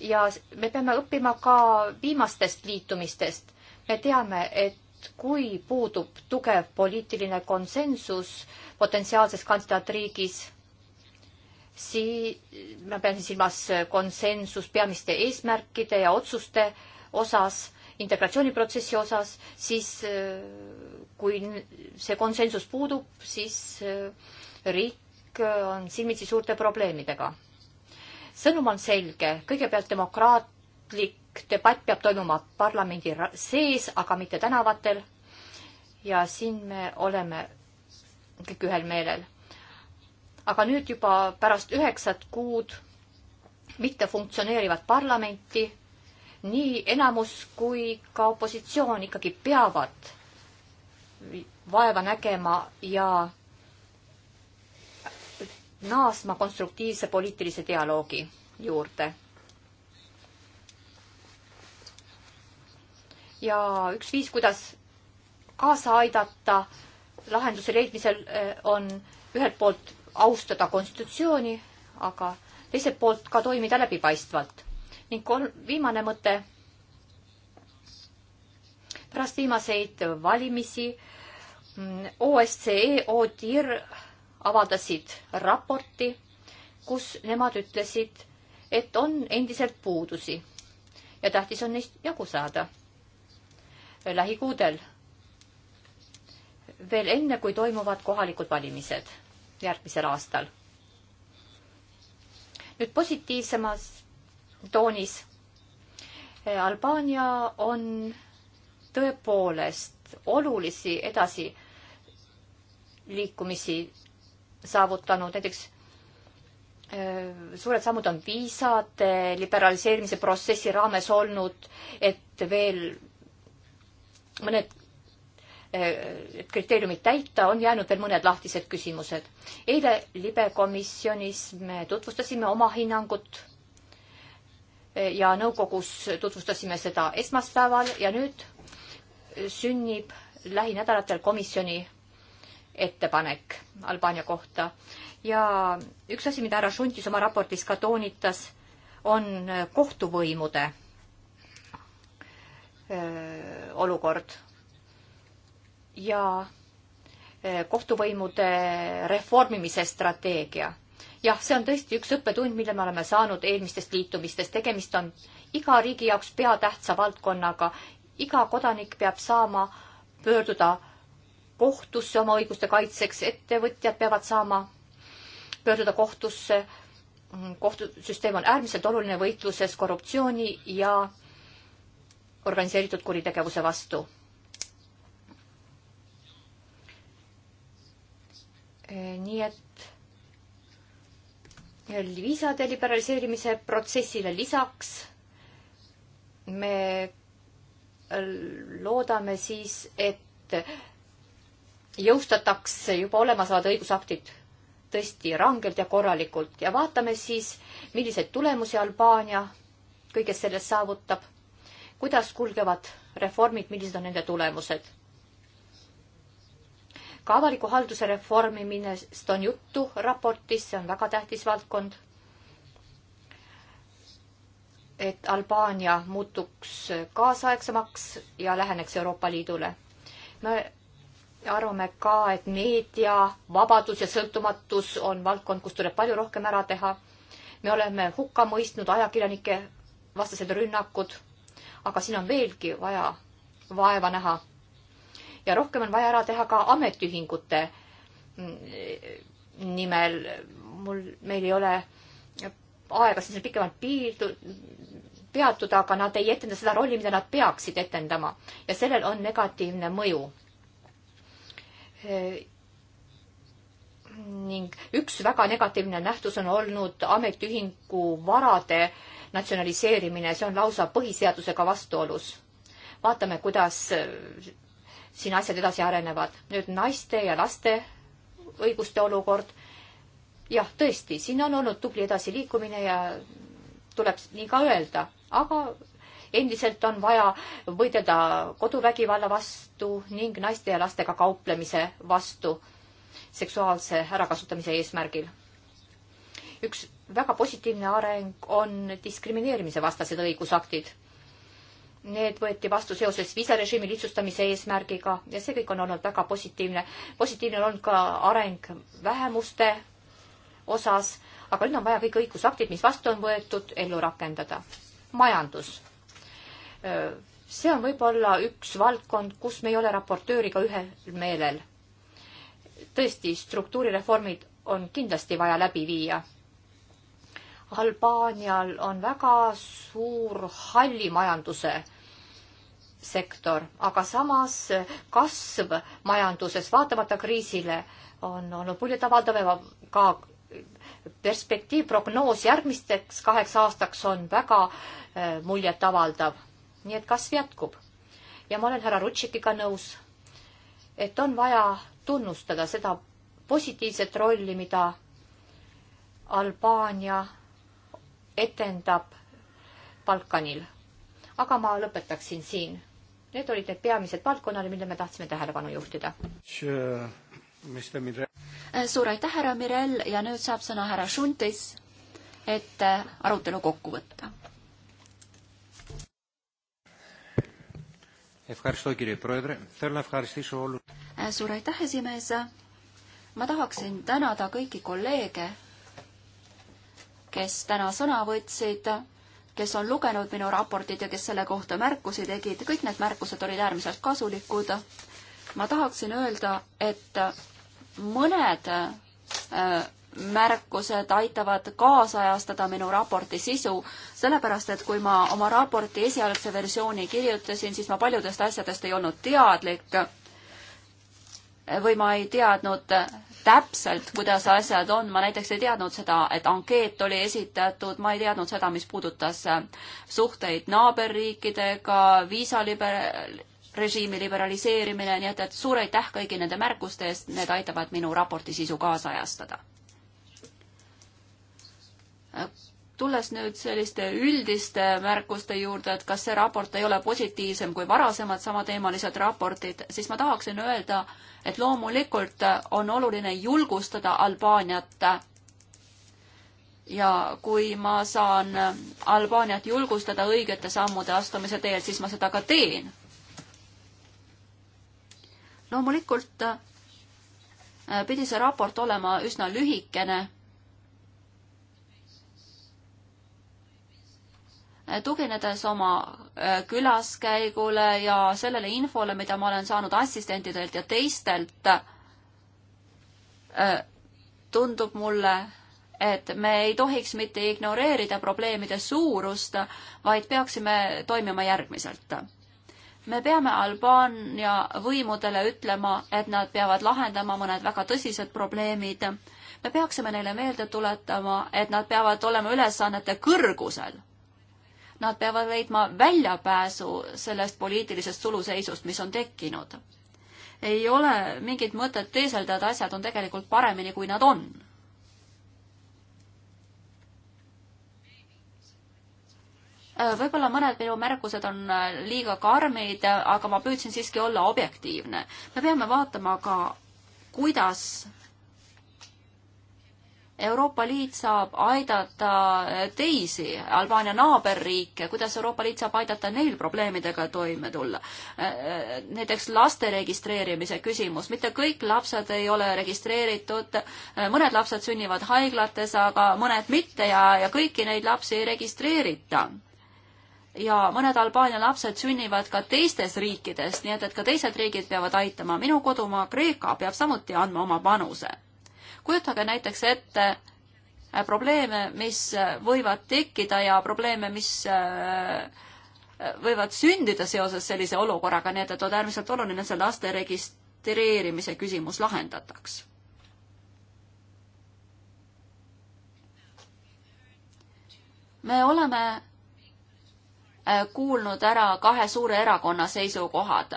ja me peame õppima ka viimastest liitumistest. me teame, et kui puudub tugev poliitiline konsensus potentsiaalses kandidaatriigis, sii-, ma pean silmas konsensus peamiste eesmärkide ja otsuste osas, integratsiooniprotsessi osas, siis eh, kui see konsensus puudub, siis eh, riik kõik äh, on silmitsi suurte probleemidega. sõnum on selge, kõigepealt demokraatlik debatt peab toimuma parlamendi sees, aga mitte tänavatel. ja siin me oleme kõik ühel meelel. aga nüüd juba pärast üheksat kuud mittefunktsioneerivat parlamenti nii enamus kui ka opositsioon ikkagi peavad vaeva nägema ja naasma konstruktiivse poliitilise dialoogi juurde. ja üks viis, kuidas kaasa aidata lahenduse leidmisel, eh, on ühelt poolt austada konstitutsiooni, aga teiselt poolt ka toimida läbipaistvalt. ning kolm, viimane mõte. pärast viimaseid valimisi mm, OSCE ODIR avaldasid raporti, kus nemad ütlesid, et on endiselt puudusi ja tähtis on neist jagu saada lähikuudel, veel enne, kui toimuvad kohalikud valimised järgmisel aastal. nüüd positiivsemas toonis. Eh, Albaania on tõepoolest olulisi edasiliikumisi saavutanud, näiteks suured sammud on viisade liberaliseerimise protsessi raames olnud, et veel mõned et kriteeriumid täita, on jäänud veel mõned lahtised küsimused. eile libekomisjonis me tutvustasime oma hinnangut ja nõukogus tutvustasime seda esmaspäeval ja nüüd sünnib lähinädalatel komisjoni ettepanek Albaania kohta. ja üks asi, mida härra Šuntis oma raportis ka toonitas, on kohtuvõimude olukord. ja kohtuvõimude reformimise strateegia. jah, see on tõesti üks õppetund, mille me oleme saanud eelmistest liitumistest. tegemist on iga riigi jaoks peatähtsa valdkonnaga. iga kodanik peab saama pöörduda kohtusse oma õiguste kaitseks, ettevõtjad peavad saama pöörduda kohtusse. kohtusüsteem on äärmiselt oluline võitluses korruptsiooni ja organiseeritud kuritegevuse vastu. nii et viisade liberaliseerimise protsessile lisaks me loodame siis, et jõustatakse juba olemasolevad õigusaktid tõesti rangelt ja korralikult ja vaatame siis, milliseid tulemusi Albaania kõigest sellest saavutab, kuidas kulgevad reformid, millised on nende tulemused. ka avaliku halduse reformimisest on juttu raportis, see on väga tähtis valdkond. et Albaania muutuks kaasaegsemaks ja läheneks Euroopa Liidule. me arvame ka, et meediavabadus ja sõltumatus on valdkond, kus tuleb palju rohkem ära teha. me oleme hukka mõistnud ajakirjanike vastased rünnakud, aga siin on veelgi vaja vaeva näha. ja rohkem on vaja ära teha ka ametiühingute nimel. mul, meil ei ole aega siin pikemalt piirdu-, peatuda, aga nad ei etenda seda rolli, mida nad peaksid etendama ja sellel on negatiivne mõju ning üks väga negatiivne nähtus on olnud ametiühingu varade natsionaliseerimine, see on lausa põhiseadusega vastuolus. vaatame, kuidas äh, siin asjad edasi arenevad. nüüd naiste ja laste õiguste olukord. jah, tõesti, siin on olnud tubli edasiliikumine ja tuleb nii ka öelda, aga endiselt on vaja võidelda koduvägivalla vastu ning naiste ja lastega kauplemise vastu seksuaalse ärakasutamise eesmärgil. üks väga positiivne areng on diskrimineerimise vastased õigusaktid. Need võeti vastu seoses viisarežiimi lihtsustamise eesmärgiga ja see kõik on olnud väga positiivne. positiivne on olnud ka areng vähemuste osas, aga nüüd on vaja kõik õigusaktid, mis vastu on võetud, ellu rakendada. majandus Äh, see on võib-olla üks valdkond, kus me ei ole raportööriga ühel meelel. tõesti, struktuurireformid on kindlasti vaja läbi viia. Albaanial on väga suur halli majanduse sektor, aga samas kasv majanduses vaatamata kriisile on olnud muljetavaldav ja ka perspektiivprognoos järgmisteks kaheks aastaks on väga äh, muljetavaldav nii et kasv jätkub. ja ma olen härra Rutšikiga nõus, et on vaja tunnustada seda positiivset rolli, mida Albaania etendab Balkanil. aga ma lõpetaksin siin. Need olid need peamised valdkonnad, millele me tahtsime tähelepanu juhtida sure.. suur aitäh, härra Mirel ja nüüd saab sõna härra Šuntis, et arutelu kokku võtta suur aitäh, esimees. ma tahaksin tänada kõiki kolleege, kes täna sõna võtsid, kes on lugenud minu raportit ja kes selle kohta märkusi tegid. kõik need märkused olid äärmiselt kasulikud. ma tahaksin öelda, et mõned äh, märkused aitavad kaasajastada minu raporti sisu, sellepärast et kui ma oma raporti esialgse versiooni kirjutasin, siis ma paljudest asjadest ei olnud teadlik või ma ei teadnud täpselt, kuidas asjad on, ma näiteks ei teadnud seda, et ankeet oli esitatud, ma ei teadnud seda, mis puudutas suhteid naaberriikidega, viisaliber-, režiimi liberaliseerimine, nii et, et suur aitäh kõigi nende märkuste eest, need aitavad minu raporti sisu kaasajastada tulles nüüd selliste üldiste märkuste juurde, et kas see raport ei ole positiivsem kui varasemad samateemalised raportid, siis ma tahaksin öelda, et loomulikult on oluline julgustada Albaaniat. ja kui ma saan Albaaniat julgustada õigete sammude astumise teel, siis ma seda ka teen. loomulikult pidi see raport olema üsna lühikene tuginedes oma äh, külaskäigule ja sellele infole, mida ma olen saanud assistentidelt ja teistelt, äh, tundub mulle, et me ei tohiks mitte ignoreerida probleemide suurust, vaid peaksime toimima järgmiselt. me peame Albaania võimudele ütlema, et nad peavad lahendama mõned väga tõsised probleemid. me peaksime neile meelde tuletama, et nad peavad olema ülesannete kõrgusel Nad peavad leidma väljapääsu sellest poliitilisest suluseisust, mis on tekkinud. ei ole mingit mõtet teeselda, et asjad on tegelikult paremini, kui nad on. võib-olla mõned minu märkused on liiga karmid, aga ma püüdsin siiski olla objektiivne. me peame vaatama ka, kuidas Euroopa Liit saab aidata teisi Albaania naaberriike, kuidas Euroopa Liit saab aidata neil probleemidega toime tulla? näiteks laste registreerimise küsimus, mitte kõik lapsed ei ole registreeritud, mõned lapsed sünnivad haiglates, aga mõned mitte ja, ja kõiki neid lapsi ei registreerita ja mõned Albaania lapsed sünnivad ka teistes riikides, nii et, et ka teised riigid peavad aitama. minu kodumaa Kreeka peab samuti andma oma panuse kujutage näiteks ette äh, probleeme, mis äh, võivad tekkida ja probleeme, mis äh, võivad sündida seoses sellise olukorraga, nii et, et on äärmiselt oluline see laste registreerimise küsimus lahendataks. me oleme kuulnud ära kahe suure erakonna seisukohad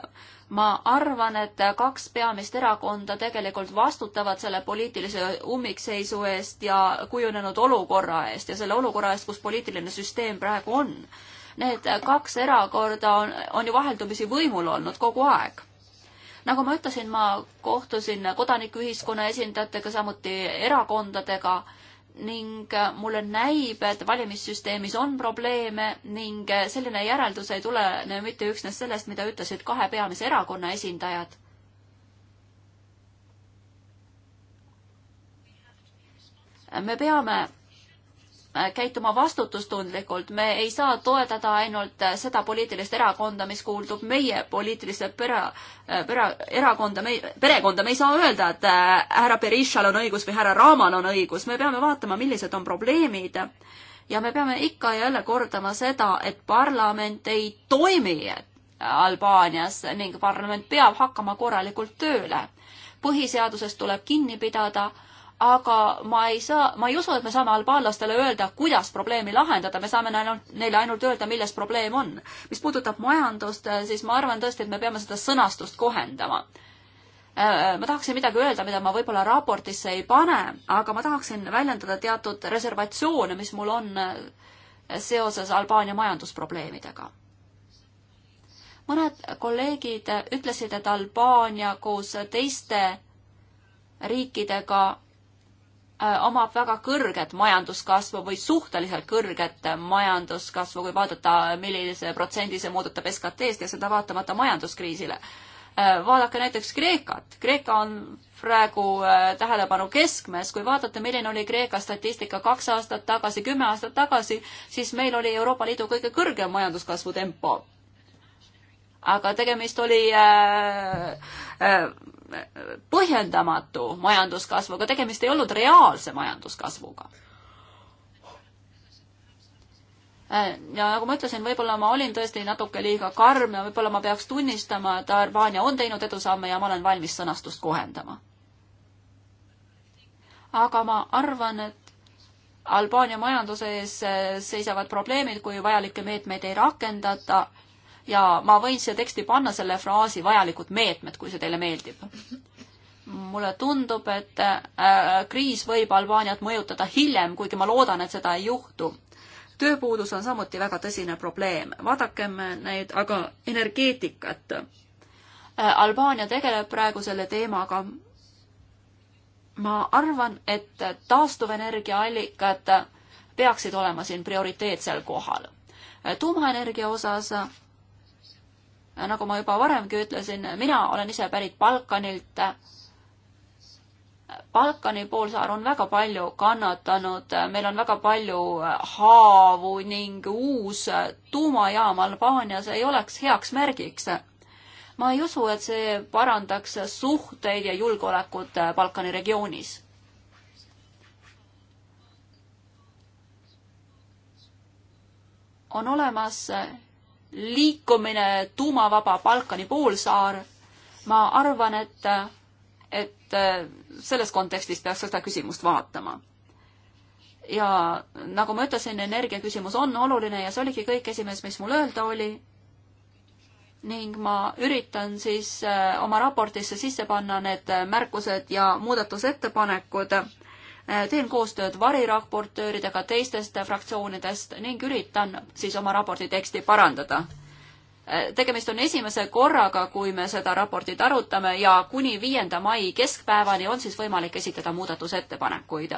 ma arvan, et kaks peamist erakonda tegelikult vastutavad selle poliitilise ummikseisu eest ja kujunenud olukorra eest ja selle olukorra eest, kus poliitiline süsteem praegu on. Need kaks erakorda on, on ju vaheldumisi võimul olnud kogu aeg. nagu ma ütlesin, ma kohtusin kodanikuühiskonna esindajatega, samuti erakondadega ning äh, mulle näib, et valimissüsteemis on probleeme ning äh, selline järeldus ei tulene mitte üksnes sellest, mida ütlesid kahe peamise erakonna esindajad. me peame Äh, käituma vastutustundlikult, me ei saa toetada ainult äh, seda poliitilist erakonda, mis kuuldub meie poliitilisse pere, äh, pere, erakonda, perekonda, me ei saa öelda, et härra Berishal on õigus või härra Raamal on õigus, me peame vaatama, millised on probleemid. ja me peame ikka ja jälle kordama seda, et parlament ei toimi Albaanias ning parlament peab hakkama korralikult tööle. põhiseadusest tuleb kinni pidada aga ma ei saa, ma ei usu, et me saame albaanlastele öelda, kuidas probleemi lahendada, me saame ainult, neile ainult öelda, milles probleem on. mis puudutab majandust, eh, siis ma arvan tõesti, et me peame seda sõnastust kohendama. Eh, eh, ma tahaksin midagi öelda, mida ma võib-olla raportisse ei pane, aga ma tahaksin väljendada teatud reservatsioone, mis mul on seoses Albaania majandusprobleemidega mõned kolleegid ütlesid, et Albaania koos teiste riikidega Äh, omab väga kõrget majanduskasvu või suhteliselt kõrget majanduskasvu, kui vaadata, millise protsendi see moodutab SKT-st ja seda vaatamata majanduskriisile. Äh, vaadake näiteks Kreekat. Kreeka on praegu äh, tähelepanu keskmes, kui vaadata, milline oli Kreeka statistika kaks aastat tagasi, kümme aastat tagasi, siis meil oli Euroopa Liidu kõige kõrgem majanduskasvu tempo. aga tegemist oli äh, äh, põhjendamatu majanduskasvuga, tegemist ei olnud reaalse majanduskasvuga. ja nagu ma ütlesin, võib-olla ma olin tõesti natuke liiga karm ja võib-olla ma peaks tunnistama, et Albaania on teinud edusamme ja ma olen valmis sõnastust kohendama. aga ma arvan, et Albaania majanduse ees seisavad probleemid, kui vajalikke meetmeid ei rakendata ja ma võin siia teksti panna selle fraasi vajalikud meetmed, kui see teile meeldib. mulle tundub, et äh, kriis võib Albaaniat mõjutada hiljem, kuigi ma loodan, et seda ei juhtu tööpuudus on samuti väga tõsine probleem. vaadakem neid aga energeetikat. Äh, Albaania tegeleb praegu selle teemaga. ma arvan, et taastuvenergiaallikad peaksid olema siin prioriteetsel kohal. tuumaenergia osas nagu ma juba varemgi ütlesin, mina olen ise pärit Balkanilt. Balkani poolsaar on väga palju kannatanud, meil on väga palju haavu ning uus tuumajaam Albaanias ei oleks heaks märgiks. ma ei usu, et see parandaks suhteid ja julgeolekut Balkani regioonis on olemas liikumine tuumavaba Balkani poolsaar. ma arvan, et, et äh, selles kontekstis peaks seda küsimust vaatama. ja nagu ma ütlesin, energiaküsimus on oluline ja see oligi kõik esimees, mis mul öelda oli. ning ma üritan siis äh, oma raportisse sisse panna need äh, märkused ja muudatusettepanekud Äh, teen koostööd variraportööridega teistest fraktsioonidest ning üritan siis oma raporti teksti parandada. Äh, tegemist on esimese korraga, kui me seda raportit arutame ja kuni viienda mai keskpäevani on siis võimalik esitada muudatusettepanekuid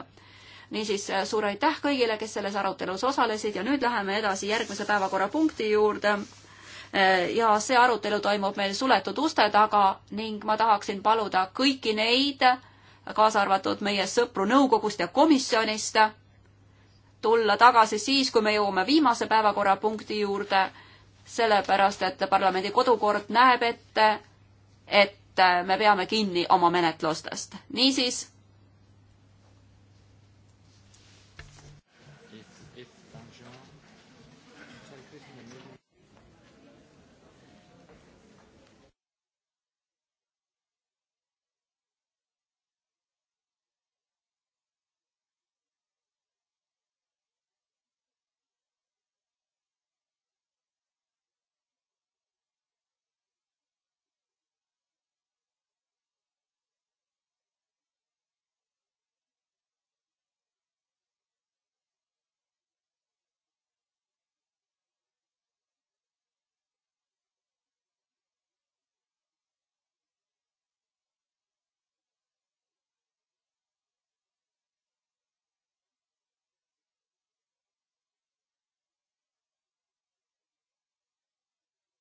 niisiis äh, suur aitäh kõigile, kes selles arutelus osalesid ja nüüd läheme edasi järgmise päevakorrapunkti juurde. ja see arutelu toimub meil suletud uste taga ning ma tahaksin paluda kõiki neid, kaasa arvatud meie sõpru nõukogust ja komisjonist, tulla tagasi siis, kui me jõuame viimase päevakorrapunkti juurde, sellepärast et parlamendi kodukord näeb ette, et me peame kinni oma menetlustest. niisiis